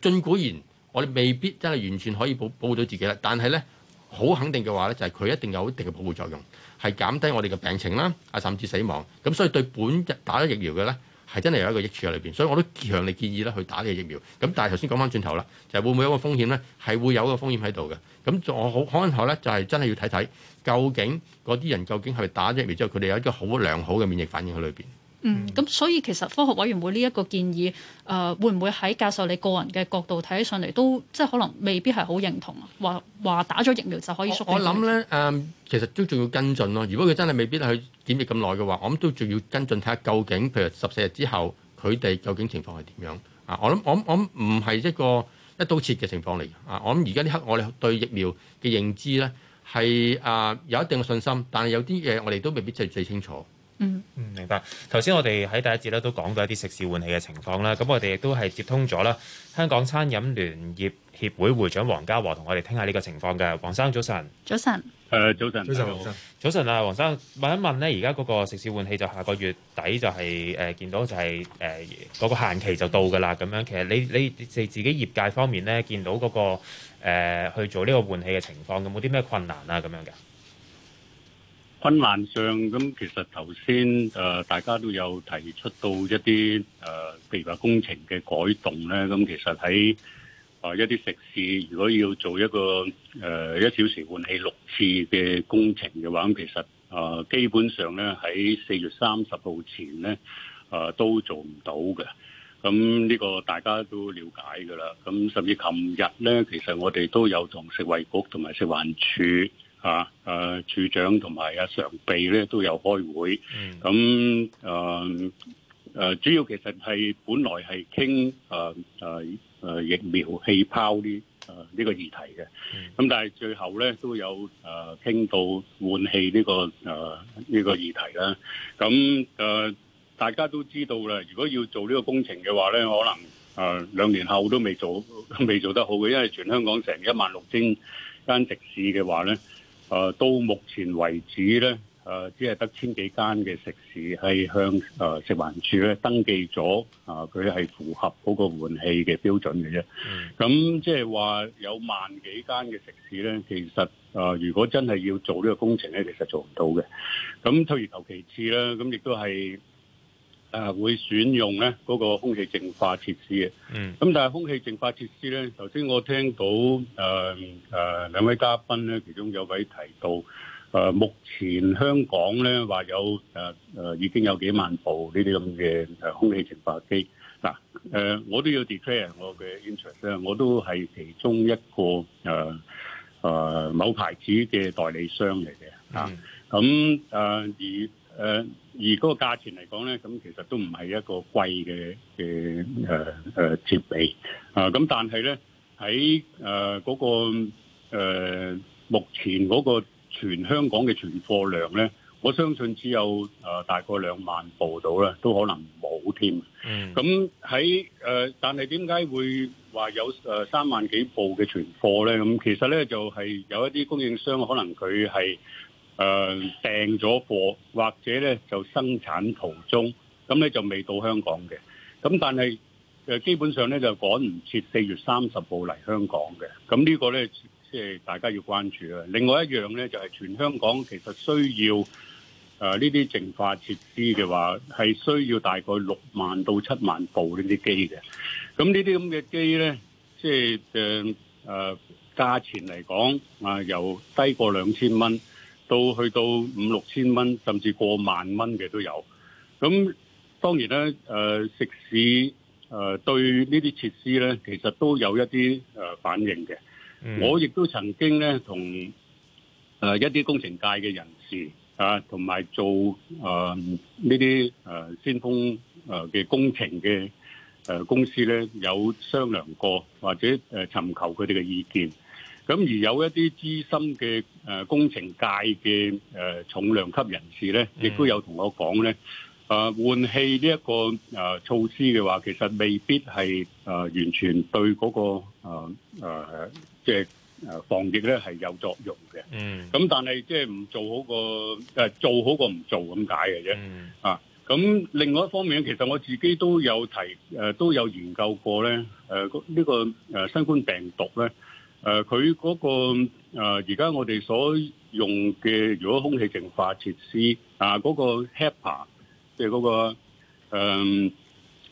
儘管然我哋未必真係完全可以保保護到自己啦，但係呢，好肯定嘅話呢，就係、是、佢一定有一定嘅保護作用，係減低我哋嘅病情啦，啊甚至死亡。咁所以對本日打咗疫苗嘅呢。係真係有一個益處喺裏邊，所以我都強烈建議咧去打呢個疫苗。咁但係頭先講翻轉頭啦，就是、會唔會有一個風險咧？係會有一個風險喺度嘅。咁我好可能後咧，就係真係要睇睇究竟嗰啲人究竟係咪打咗疫苗之後，佢哋有一個好良好嘅免疫反應喺裏邊。Mm. 嗯，咁所以其實科學委員會呢一個建議，誒、呃、會唔會喺教授你個人嘅角度睇起上嚟都即係可能未必係好認同，話話打咗疫苗就可以縮短。我諗咧誒，其實都仲要跟進咯。如果佢真係未必去檢疫咁耐嘅話，我諗都仲要跟進睇下究竟，譬如十四日之後佢哋究竟情況係點樣啊？我諗我諗我唔係一個一刀切嘅情況嚟嘅啊。我諗而家呢刻我哋對疫苗嘅認知咧係誒有一定嘅信心，但係有啲嘢我哋都未必最最清楚。嗯，明白。頭先我哋喺第一節咧都講到一啲食肆換氣嘅情況啦，咁我哋亦都係接通咗啦。香港餐飲聯業協會會長黃家和同我哋傾下呢個情況嘅。黃生，早晨。早晨。誒、啊，早晨，早晨，早晨好。早晨啊，黃生，問一問咧，而家嗰個食肆換氣就下個月底就係、是、誒、呃、見到就係誒嗰個限期就到噶啦。咁樣其實你你你自己業界方面咧見到嗰、那個、呃、去做呢個換氣嘅情況，有冇啲咩困難啊？咁樣嘅？困難上咁，其實頭先誒，大家都有提出到一啲誒，譬如話工程嘅改動咧，咁其實喺啊一啲食肆，如果要做一個誒一小時換氣六次嘅工程嘅話，咁其實啊基本上咧喺四月三十號前咧啊都做唔到嘅。咁、這、呢個大家都了解噶啦。咁甚至琴日咧，其實我哋都有同食衛局同埋食環處，啊！誒處長同埋阿常秘咧都有開會，咁誒誒主要其實係本來係傾誒誒誒疫苗氣泡啲誒呢個議題嘅，咁、嗯、但係最後咧都有誒傾到換氣呢、呢個誒呢、啊呢個議題啦。咁、啊、誒大家都知道啦，如果要做呢個工程嘅話咧，可能誒、啊、兩年後都未做未做得好嘅，因為全香港成一萬六千間食肆嘅話咧。誒、啊、到目前為止咧，誒、啊、只係得千幾間嘅食肆係向誒、呃、食環署咧登記咗，啊佢係符合嗰個換氣嘅標準嘅啫。咁即係話有萬幾間嘅食肆咧，其實誒、呃、如果真係要做呢個工程咧，其實做唔到嘅。咁退而求其次啦，咁亦都係。啊，會選用咧嗰、那個空氣淨化設施嘅。嗯。咁但係空氣淨化設施咧，頭先我聽到誒誒、呃呃、兩位嘉賓咧，其中有位提到誒、呃、目前香港咧話有誒誒、呃、已經有幾萬部呢啲咁嘅誒空氣淨化機。嗱、呃、誒，我都要 declare 我嘅 interest 咧，我都係其中一個誒誒、呃呃、某牌子嘅代理商嚟嘅。啊，咁誒、嗯嗯呃、而誒。呃呃而嗰個價錢嚟講咧，咁其實都唔係一個貴嘅嘅誒誒設備啊！咁、呃、但係咧喺誒嗰個、呃、目前嗰個全香港嘅存貨量咧，我相信只有誒、呃、大概兩萬部到啦，都可能冇添。嗯。咁喺誒，但係點解會話有誒三、呃、萬幾部嘅存貨咧？咁其實咧就係、是、有一啲供應商可能佢係。誒，訂咗貨或者咧就生產途中，咁咧就未到香港嘅。咁但係誒、呃，基本上咧就趕唔切四月三十號嚟香港嘅。咁呢個咧，即係大家要關注啦。另外一樣咧，就係全香港其實需要誒呢啲淨化設施嘅話，係需要大概六萬到七萬部呢啲機嘅。咁呢啲咁嘅機咧，即係誒誒，價錢嚟講啊，又，呃，低過兩千蚊。到去到五六千蚊，甚至過萬蚊嘅都有。咁當然咧，誒食肆誒對呢啲設施咧，其實都有一啲誒反應嘅。嗯、我亦都曾經咧同誒一啲工程界嘅人士啊，同埋做誒呢啲誒先鋒誒嘅工程嘅誒公司咧，有商量過或者誒尋求佢哋嘅意見。咁而有一啲資深嘅誒工程界嘅誒重量級人士咧，亦都有同我講咧，誒換氣呢一個誒、呃、措施嘅話，其實未必係誒、呃、完全對嗰、那個誒誒、呃呃、即係誒防疫咧係有作用嘅。嗯。咁 但係即係唔做好過誒、呃、做好過唔做咁解嘅啫。啊，咁另外一方面，其實我自己都有提誒、呃、都有研究過咧，誒、呃、呢、這個誒、呃、新冠病毒咧。誒佢嗰個而家、呃、我哋所用嘅，如果空氣淨化設施啊，嗰、嗰個 HEPA 即、呃、係嗰個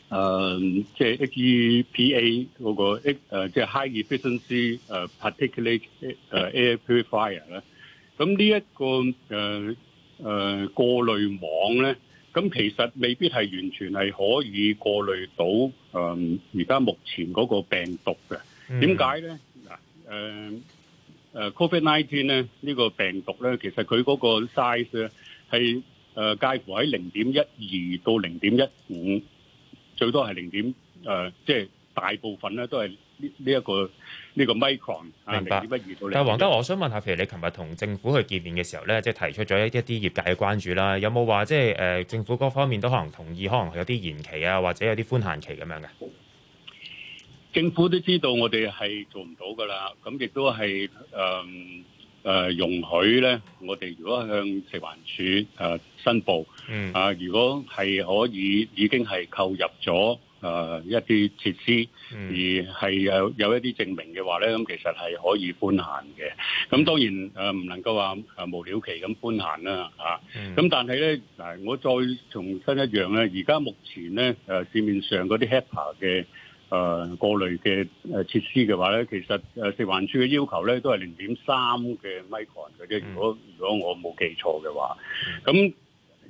誒即係 HEPA 嗰個誒，即係 high efficiency 誒 particulate 誒 air purifier 咧。咁呢一個誒誒過濾網咧，咁其實未必係完全係可以過濾到誒而家目前嗰個病毒嘅。點解咧？誒誒、uh，COVID nineteen 咧呢、這個病毒咧，其實佢嗰個 size 咧係誒介乎喺零點一二到零點一五，最多係零點誒，即係大部分咧都係呢呢一個呢、這個 micron。零一、明白。啊、到但係黃德，我想問下，譬如你琴日同政府去見面嘅時候咧，即、就、係、是、提出咗一一啲業界嘅關注啦，有冇話即係誒政府各方面都可能同意，可能有啲延期啊，或者有啲寬限期咁樣嘅？嗯。政府都知道我哋係做唔到噶啦，咁亦都係誒誒容許咧。我哋如果向食環署誒、呃、申報，啊、呃，如果係可以已經係購入咗誒、呃、一啲設施，而係有有一啲證明嘅話咧，咁其實係可以寬限嘅。咁、嗯、當然誒唔、呃、能夠話誒、呃、無了期咁寬限啦，嚇、啊。咁、嗯嗯、但係咧，我再重申一樣咧，而家目前咧誒、呃、市面上嗰啲 HEPA 嘅。誒、呃、過濾嘅誒設施嘅話咧，其實誒、呃、食環署嘅要求咧都係零點三嘅 micron 嘅啫。如果如果我冇記錯嘅話，咁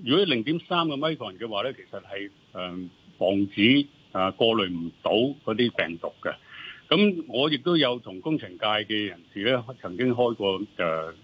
如果零點三嘅 micron 嘅話咧，其實係誒、呃、防止誒、呃、過濾唔到嗰啲病毒嘅。咁我亦都有同工程界嘅人士咧，曾經開過誒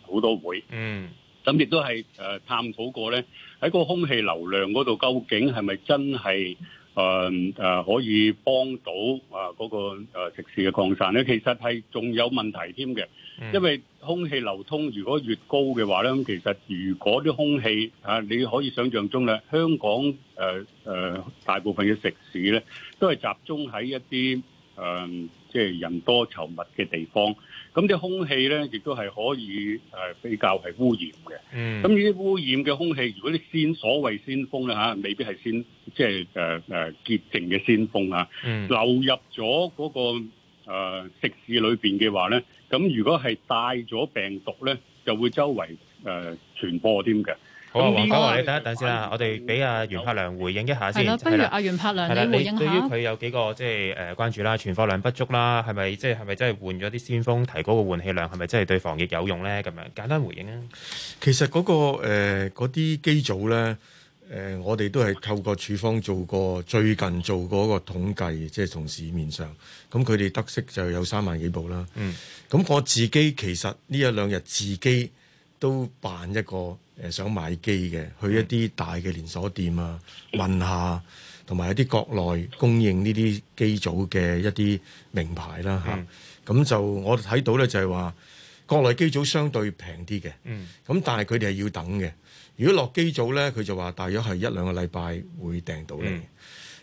好、呃、多會。嗯，咁亦都係誒探討過咧，喺個空氣流量嗰度究竟係咪真係？誒誒、嗯啊、可以幫到啊嗰、那個啊食肆嘅擴散咧，其實係仲有問題添嘅，因為空氣流通如果越高嘅話咧，其實如果啲空氣啊，你可以想像中咧，香港誒誒、啊啊、大部分嘅食肆咧，都係集中喺一啲誒。啊即係人多稠密嘅地方，咁啲空氣咧，亦都係可以誒、呃、比較係污染嘅。嗯，咁呢啲污染嘅空氣，如果啲先所謂先鋒咧嚇，未必係先即係誒誒潔淨嘅先鋒啊。嗯，流入咗嗰、個、呃、食肆裏邊嘅話咧，咁如果係帶咗病毒咧，就會周圍誒、呃、傳播添嘅。好，黃哥，好你等一、啊、等先啦，我哋俾阿源栢樑回應一下先。的不如阿源栢樑回應下。你對於佢有幾個即係誒關注啦，存貨量不足啦，係咪即係係咪真係換咗啲鮮風，提高個換氣量，係咪真係對防疫有用咧？咁樣簡單回應啊。其實嗰、那個嗰啲、呃、機組咧，誒、呃、我哋都係透過處方做過，最近做過一個統計，即、就、係、是、從市面上咁佢哋得息就有三萬幾部啦。嗯，咁我自己其實呢一兩日自己都辦一個。誒想買機嘅，去一啲大嘅連鎖店啊，問下，同埋一啲國內供應呢啲機組嘅一啲名牌啦嚇，咁、嗯啊、就我睇到咧就係話國內機組相對平啲嘅，咁、嗯、但係佢哋係要等嘅。如果落機組咧，佢就話大約係一兩個禮拜會訂到嚟。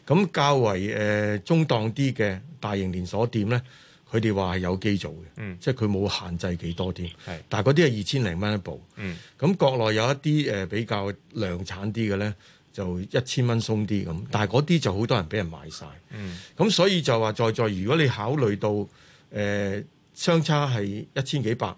咁、嗯、較為誒、呃、中檔啲嘅大型連鎖店咧。佢哋話係有機做嘅，嗯、即係佢冇限制幾多添。是但係嗰啲係二千零蚊一部。咁、嗯、國內有一啲誒比較量產啲嘅咧，就鬆一千蚊鬆啲咁。嗯、但係嗰啲就好多人俾人買曬。咁、嗯、所以就話在在，如果你考慮到誒、呃、相差係一千幾百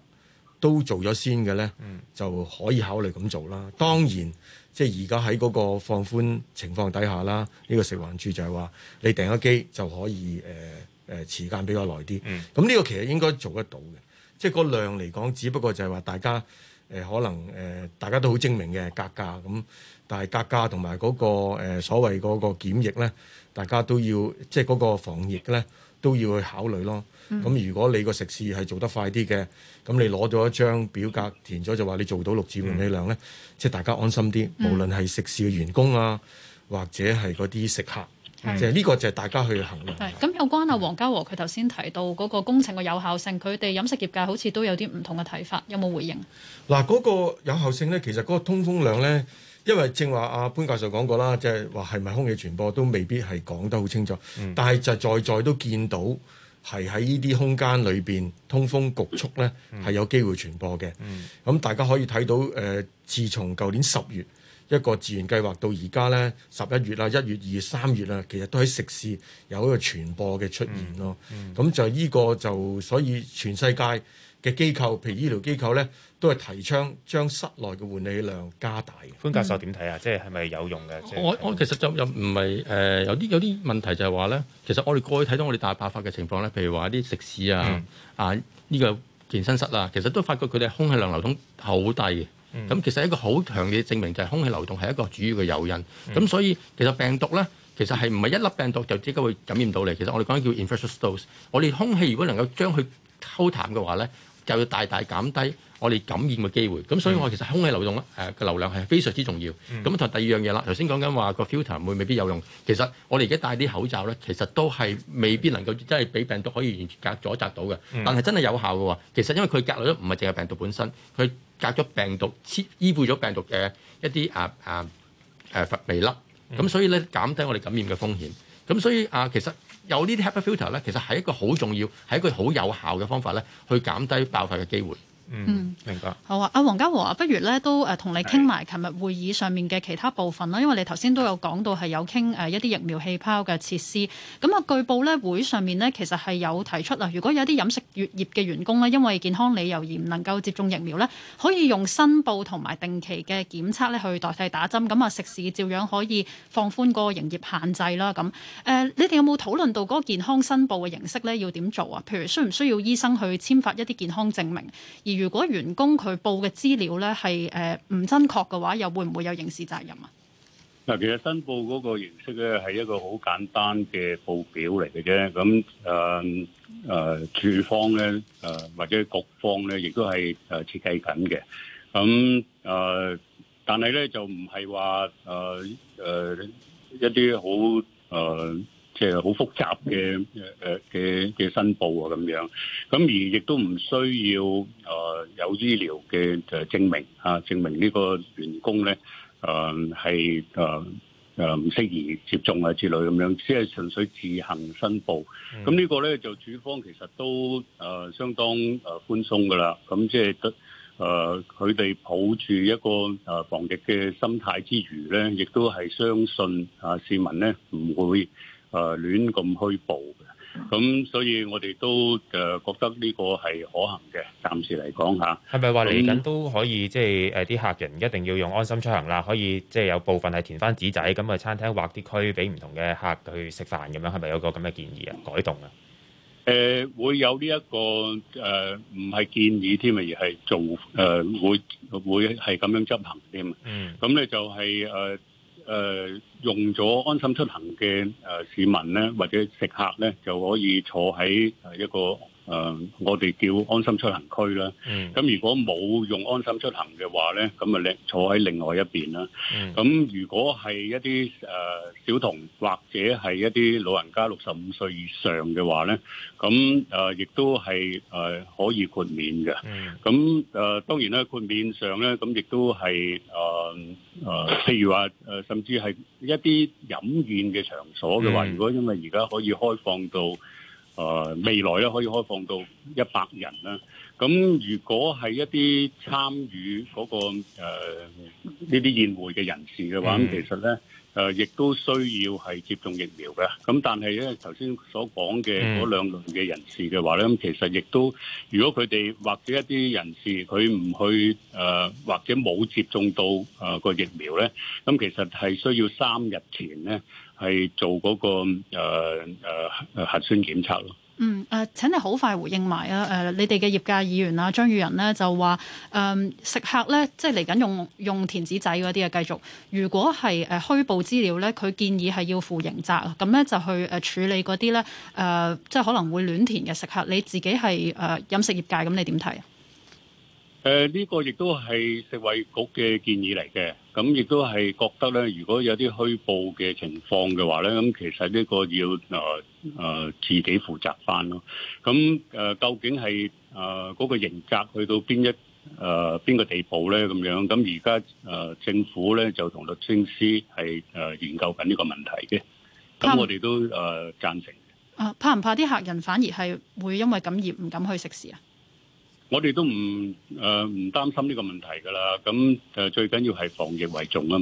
都做咗先嘅咧，嗯、就可以考慮咁做啦。當然、嗯、即係而家喺嗰個放寬情況底下啦，呢、呢個食環署就係話你訂咗機就可以誒。呃呃誒、呃、時間比較耐啲，咁呢、嗯、個其實應該做得到嘅，即係嗰量嚟講，只不過就係話大家誒、呃、可能誒、呃、大家都好精明嘅格價咁、嗯，但係格價同埋嗰個、呃、所謂嗰個檢疫咧，大家都要即係嗰個防疫咧都要去考慮咯。咁、嗯、如果你個食肆係做得快啲嘅，咁你攞咗一張表格填咗就話你做到六至五萬量咧，嗯、即係大家安心啲，嗯、無論係食肆嘅員工啊，或者係嗰啲食客。嗯、就係呢個，就係大家去衡量。係咁、嗯，有關啊，黃家和佢頭先提到嗰、嗯、個工程嘅有效性，佢哋飲食業界好似都有啲唔同嘅睇法，有冇回應？嗱，嗰個有效性咧，其實嗰個通風量咧，因為正話阿潘教授講過啦，即係話係咪空氣傳播都未必係講得好清楚，嗯、但係實在在都見到係喺呢啲空間裏邊通風局促咧，係有機會傳播嘅。咁、嗯嗯、大家可以睇到，誒、呃，自從舊年十月。一個自然計劃到而家咧十一月啦、一月、二月、三月啦，其實都喺食肆有一個傳播嘅出現咯。咁、嗯嗯、就呢個就所以全世界嘅機構，譬如醫療機構咧，都係提倡將室內嘅換氣量加大。潘教授點睇啊？即係係咪有用嘅？我我其實就又唔係誒有啲有啲問題就係話咧，其實我哋過去睇到我哋大爆發嘅情況咧，譬如話啲食肆啊、嗯、啊呢、這個健身室啊，其實都發覺佢哋空氣量流通好低嘅。咁其實一個好強烈嘅證明就係空氣流動係一個主要嘅誘因，咁所以其實病毒咧其實係唔係一粒病毒就即刻會感染到你？其實我哋講緊叫 infectious dose。我哋空氣如果能夠將佢溝淡嘅話咧，就要大大減低我哋感染嘅機會。咁所以我其實空氣流動誒嘅流量係非常之重要。咁同第二樣嘢啦，頭先講緊話個 filter 會未必有用。其實我哋而家戴啲口罩咧，其實都係未必能夠即係俾病毒可以完全隔阻擋到嘅。但係真係有效嘅喎。其實因為佢隔離都唔係淨係病毒本身，佢。隔咗病毒，依附咗病毒嘅一啲啊啊誒微、啊、粒，咁所以咧減低我哋感染嘅風險。咁所以啊，其實有呢啲 HEPA filter 咧，其實係一個好重要，係一個好有效嘅方法咧，去減低爆發嘅機會。嗯，明白。好啊，阿黃家和啊，不如咧都誒同你傾埋琴日會議上面嘅其他部分啦。因為你頭先都有講到係有傾誒一啲疫苗氣泡嘅設施。咁啊，據報咧會上面呢，其實係有提出啊，如果有啲飲食業嘅員工咧，因為健康理由而唔能夠接種疫苗咧，可以用申報同埋定期嘅檢測咧去代替打針。咁啊，食肆照樣可以放寬嗰個營業限制啦。咁誒、呃，你哋有冇討論到嗰個健康申報嘅形式咧要點做啊？譬如需唔需要醫生去簽發一啲健康證明？如果員工佢報嘅資料咧係誒唔真確嘅話，又會唔會有刑事責任啊？嗱，其實申報嗰個形式咧係一個好簡單嘅報表嚟嘅啫。咁誒誒，處、呃呃、方咧誒、呃、或者局方咧，亦都係誒設計緊嘅。咁、呃、誒，但係咧就唔係話誒誒一啲好誒。呃即係好複雜嘅誒嘅嘅申報啊咁樣，咁而亦都唔需要啊、呃、有醫療嘅誒證明啊，證明呢個員工咧誒係誒誒唔適宜接種啊之類咁樣，即係純粹自行申報。咁、嗯、呢個咧就主方其實都誒、呃、相當誒寬鬆噶啦，咁、啊、即係得誒佢哋抱住一個誒防疫嘅心態之餘咧，亦都係相信啊市民咧唔會，誒亂咁虛報嘅，咁所以我哋都誒、呃、覺得呢個係可行嘅，暫時嚟講吓。係咪話嚟緊都可以那即係誒啲客人一定要用安心出行啦？可以即係有部分係填翻紙仔，咁去餐廳劃啲區俾唔同嘅客去食飯咁樣，係咪有個咁嘅建議啊？改動啊？誒、呃、會有呢、這、一個誒唔係建議添啊，而係做誒、呃、會會係咁樣執行添。嗯，咁咧、嗯、就係、是、誒。呃誒、呃，用咗安心出行嘅誒、呃、市民咧，或者食客咧，就可以坐喺誒一個。誒，uh, 我哋叫安心出行區啦。咁、嗯、如果冇用安心出行嘅話咧，咁啊，坐喺另外一邊啦。咁、嗯、如果係一啲誒、uh, 小童或者係一啲老人家六十五歲以上嘅話咧，咁誒亦都係誒、uh, 可以豁免嘅。咁誒、嗯 uh, 當然咧豁免上咧，咁亦都係誒誒，uh, uh, 譬如話誒甚至係一啲飲宴嘅場所嘅話，嗯、如果因為而家可以開放到。誒、呃、未來咧可以開放到一百人啦。咁、啊、如果係一啲參與嗰個呢啲、呃、宴會嘅人士嘅話，咁、嗯、其實咧誒亦都需要係接種疫苗嘅。咁、啊、但係咧頭先所講嘅嗰兩類嘅人士嘅話咧，咁、嗯嗯、其實亦都如果佢哋或者一啲人士佢唔去誒、呃、或者冇接種到誒、呃、個疫苗咧，咁、嗯、其實係需要三日前咧。係做嗰、那個誒誒、呃呃、核酸檢測咯。嗯誒、呃，請你好快回應埋啊！誒、呃，你哋嘅業界議員啊，張宇人呢就話誒、呃、食客咧，即係嚟緊用用填紙仔嗰啲啊，繼續。如果係誒虛報資料咧，佢建議係要負刑責啊。咁咧就去誒處理嗰啲咧誒，即係可能會亂填嘅食客。你自己係誒飲食業界，咁你點睇啊？誒、呃，呢、這個亦都係食衛局嘅建議嚟嘅。咁亦都係覺得咧，如果有啲虛報嘅情況嘅話咧，咁其實呢個要啊啊、呃呃、自己負責翻咯。咁、嗯、誒、呃，究竟係啊嗰個刑責去到邊一誒邊、呃、個地步咧？咁樣咁而家誒政府咧就同律政司係誒研究緊呢個問題嘅。咁、嗯、怕我哋都誒、呃、贊成。啊，怕唔怕啲客人反而係會因為咁而唔敢去食肆啊？我哋都唔誒唔擔心呢個問題㗎啦，咁誒最緊要係防疫為重啊！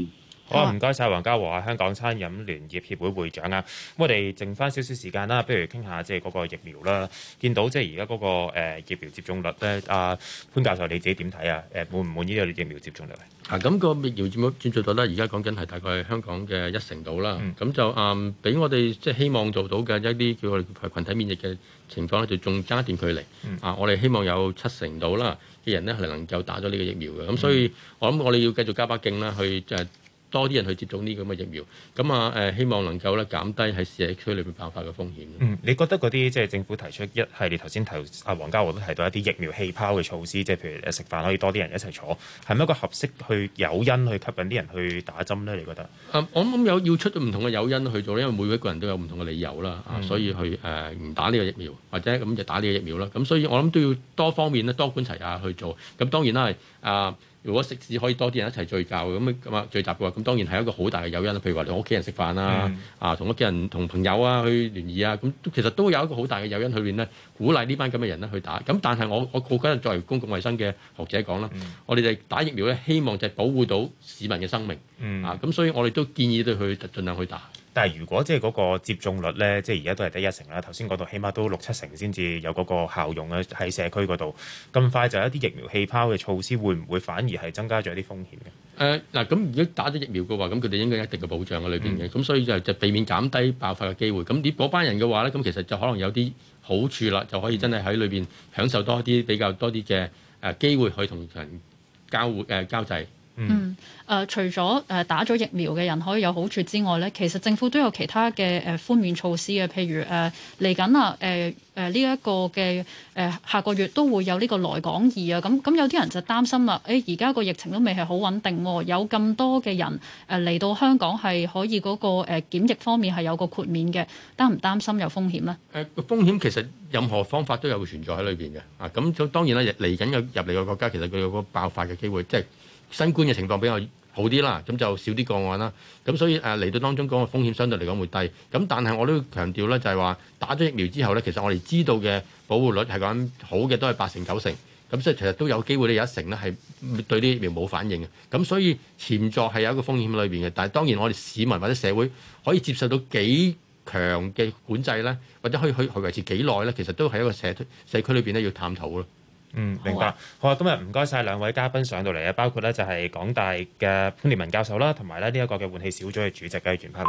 好，唔該晒，黃家和啊，香港餐飲聯業協會會長啊，咁我哋剩翻少少時間啦，不如傾下即係嗰個疫苗啦。見到即係而家嗰個疫苗接種率咧，阿潘教授你自己點睇啊？誒滿唔滿意呢個疫苗接種率？啊，咁、呃、個疫苗接種率咧，而家講緊係大概香港嘅一成度啦。咁、嗯、就誒俾、呃、我哋即係希望做到嘅一啲叫我哋群體免疫嘅情況咧，就仲差一段距離。嗯、啊，我哋希望有七成到啦嘅人咧係能夠打咗呢個疫苗嘅。咁所以我諗我哋要繼續加把勁啦，去誒。去多啲人去接種呢啲咁嘅疫苗，咁啊誒，希望能夠咧減低喺社區裏面爆發嘅風險。嗯，你覺得嗰啲即係政府提出一係你頭先提阿黃家和都提到一啲疫苗氣泡嘅措施，即係譬如誒食飯可以多啲人一齊坐，係咪一個合適去誘因去吸引啲人去打針咧？你覺得？嗯，我諗有要出唔同嘅誘因去做，因為每一個人都有唔同嘅理由啦，啊，所以去誒唔打呢個疫苗，或者咁就打呢個疫苗啦。咁，啊，所以我諗都要多方面咧，多管齊下去做。咁，啊啊，當然啦，係啊。啊啊啊如果食肆可以多啲人一齊聚舊，咁咁啊聚集嘅話，咁當然係一個好大嘅誘因，譬如話你屋企人食飯、嗯、啊，啊同屋企人同朋友啊去聯誼啊，咁其實都有一個好大嘅誘因去裏面咧，鼓勵呢班咁嘅人咧去打。咁但係我我好緊張作為公共衞生嘅學者講啦，嗯、我哋就打疫苗咧，希望就係保護到市民嘅生命、嗯、啊。咁所以我哋都建議對佢盡量去打。但係如果即係嗰個接種率呢，即係而家都係得一成啦。頭先嗰度，起碼都六七成先至有嗰個效用啦，喺社區嗰度咁快就一啲疫苗氣泡嘅措施，會唔會反而係增加咗一啲風險嘅？誒嗱、呃，咁如果打咗疫苗嘅話，咁佢哋應該有一定嘅保障喺裏邊嘅，咁、嗯、所以就就避免減低爆發嘅機會。咁呢班人嘅話呢，咁其實就可能有啲好處啦，就可以真係喺裏邊享受多啲比較多啲嘅誒機會去同人交互、呃、交際。嗯，誒除咗誒打咗疫苗嘅人可以有好處之外咧，其實政府都有其他嘅誒寬免措施嘅，譬如誒嚟緊啊，誒誒呢一個嘅誒下個月都會有呢個來港易啊，咁咁有啲人就擔心啦，誒而家個疫情都未係好穩定喎，有咁多嘅人誒嚟到香港係可以嗰個誒檢疫方面係有個豁免嘅，擔唔擔心有風險呢？誒風險其實任何方法都有存在喺裏邊嘅，啊咁當然啦，嚟緊嘅入嚟嘅國家其實佢有個爆發嘅機會，即係。新冠嘅情況比較好啲啦，咁就少啲個案啦。咁所以誒嚟到當中講嘅風險相對嚟講會低。咁但係我都強調咧，就係話打咗疫苗之後咧，其實我哋知道嘅保護率係講好嘅都係八成九成。咁所以其實都有機會咧有一成咧係對啲疫苗冇反應嘅。咁所以潛在係有一個風險裏邊嘅。但係當然我哋市民或者社會可以接受到幾強嘅管制咧，或者可以去維持幾耐咧，其實都係一個社區社區裏邊咧要探討咯。嗯，明白。好啊，好，今日唔該晒兩位嘉賓上到嚟啊，包括咧就係港大嘅潘烈文教授啦，同埋咧呢一個嘅換氣小組嘅主席嘅源栢樑。